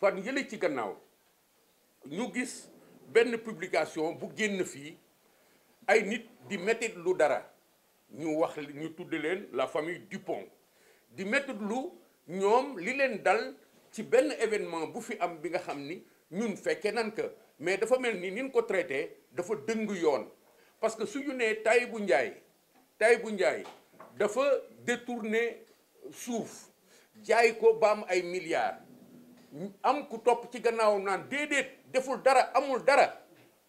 fan yële ci gannaaw ñu gis benn publication bu génn fii ay nit di mettit lu dara ñu wax ñu tudd leen la famille Dupont di mettit lu ñoom li leen dal ci benn événement bu fi am bi nga xam ni ñun fekke nan ko mais dafa mel ni nin ko traité dafa dëng yoon parce que suñu nee bu Tahibou Ndiaye bu Ndiaye dafa détourné suuf jaay ko baam ay milliards am ku topp ci gannaaw naan déedéet deful dara amul dara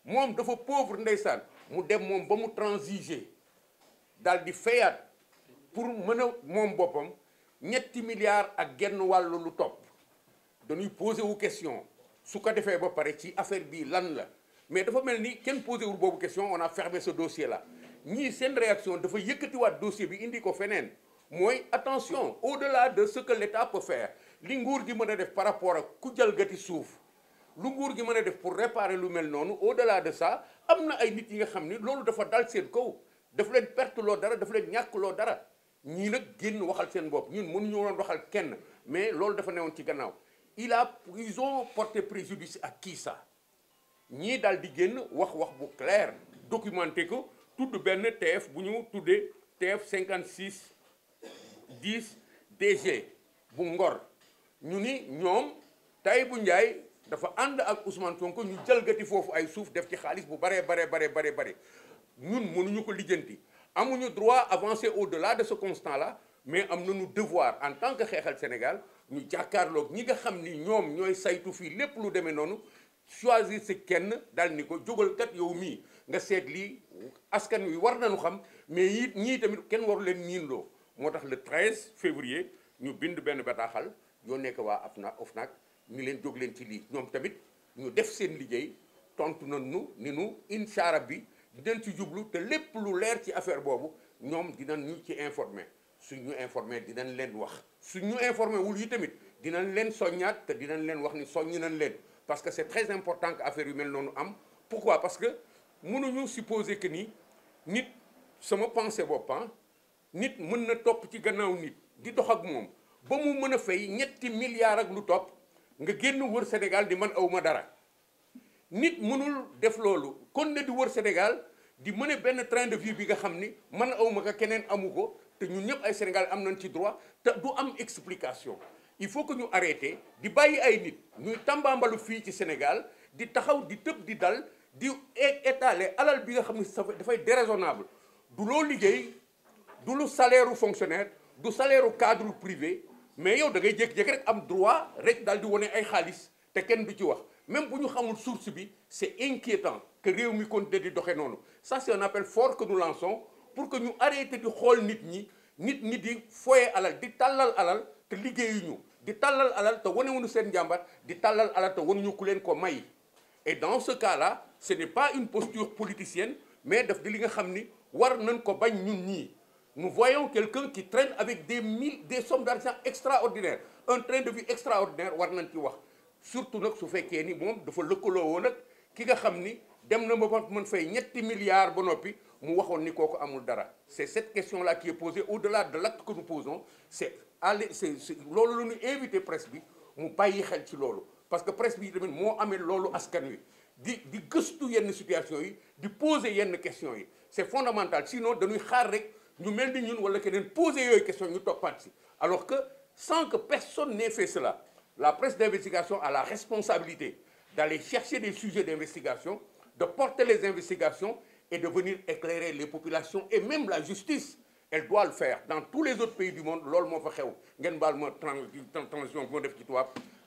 moom dafa pauvre ndeysaan mu dem moom ba mu transiger daal di fayaat pour mën a moom boppam ñetti milliards ak genn wàll lu topp dañuy posé wu question su ko defee ba pare ci affaire bii lan la mais dafa mel ni kenn posé wul boobu question on a fermé ce dossier la ñii seen réaction dafa yëkkatiwaat dossier bi indi ko feneen mooy attention au-delà de ce que l'État peut faire li nguur gi mën a def par rapport ak ku jalgati suuf lu nguur gi mën a def pour réparer lu mel noonu au delà de ça am na ay nit yi nga xam ni loolu dafa dal seen kaw daf leen perte loo dara daf leen ñàkk loo dara ñii nag génn waxal seen bopp ñun mënuñu woon waxal kenn mais loolu dafa newoon ci gannaaw il a ils ont porté ak à qui ñii daal di génn wax wax bu clair documenté ko tudd benn TF bu ñu tuddee cinquante 56 10 DG bu Ngor ñu ni ñoom Tahibou Ndiaye dafa ànd ak Ousmane Sonko ñu jëlgati foofu ay suuf def ci xaalis bu baree baree baree baree bare ñun mënuñu ko lijjanti amuñu droit avancer au-delà de ce constant la mais am nañu devoir en tant que xeexal Sénégal ñu jàkkaarlook ñi nga xam ni ñoom ñooy saytu fii lépp lu demee noonu choisir si kenn daal ni ko jógalkat yow mii nga seet lii askan wi war nañu xam mais it ñii tamit kenn waru leen ñiinloo moo tax le 13 février ñu bind benn bataaxal yoo nekk waa AFNA OFNAC ñu ngi leen jóg leen ci lii ñoom tamit ñu def seen liggéey tontu nañu ni nu incha rabbi dinañ ci jublu te lépp lu leer ci affaire boobu ñoom dinañ ñu ci informer su ñu informer dinañ leen wax. su ñu informé wul yi tamit dinañ leen soññaat te dinañ leen wax ni soññ nañ leen parce que c'est très important que affaire yu mel noonu am pourquoi parce que mënuñu supposer que nii nit sama pensée boppam ah, nit mën na topp ci gannaaw nit di dox ak moom. ba mu mën a fay ñetti milliards ak lu topp nga génn wër Sénégal di man awma dara nit mënul def loolu kon ne di wër Sénégal di mën benn train de vie bi nga xam ni man awma ko keneen amu ko te ñun ñëpp ay Sénégal am nañ ci droit te du am explication il faut que ñu arrêté di bàyyi ay nit ñuy tàmbaambalu fii ci Sénégal di taxaw di tëb di dal di étaler alal bi nga xam ne sa dafay déraisonnable du loo liggéey du lu salaire fonctionnaire du salaire cadre privé mais yow dangay ngay jékki rek am droit rek daal di wane ay xaalis te kenn du ci wax même bu ñu xamul source bi c'est inquiétant que réew mi continuer di doxee noonu ça c'est un appel fort que nous lançons pour que ñu arrêté di xool nit ñi nit ñi di foye alal di tàllal alal te liggéeyuñu di tàllal alal te wanewuñu seen njàmbat di tàllal alal te wanuñu ku leen ko may et dans ce cas là ce n'est pas une posture politicienne mais def di li nga xam ni war nañ ko bañ ñun ñii nous voyons quelqu'un qui traîne avec des mille des sommes d'argent extraordinaires un train de vie extraordinaire war nañ ci wax surtout nag su fekkee ni moom dafa lëkkaloo woon nag ki nga xam ni dem na ba mën fay ñetti milliards ba noppi mu waxoon ni kooku amul dara c'est cette question là qui est posée au-delà de l'acte que nous posons c'est allez c'est loolu la ñu invité presse bi mu bàyyi xel ci loolu parce que presse bi tamit moo amee loolu askan wi di di gëstu yenn situation yi di poser yenn question yi c'est fondamental sinon dañuy xaar rek ñu mel ni ñun wala keneen poser yooyu question ñu toppaat si alors que sans que personne n'ait fait cela la presse d'investigation a la responsabilité d'aller chercher des sujets d'investigation de porter les investigations et de venir éclairer les populations et même la justice elle doit le faire dans tous les autres pays du monde loolu moo fa xew ngeen baal ma transition bu ma def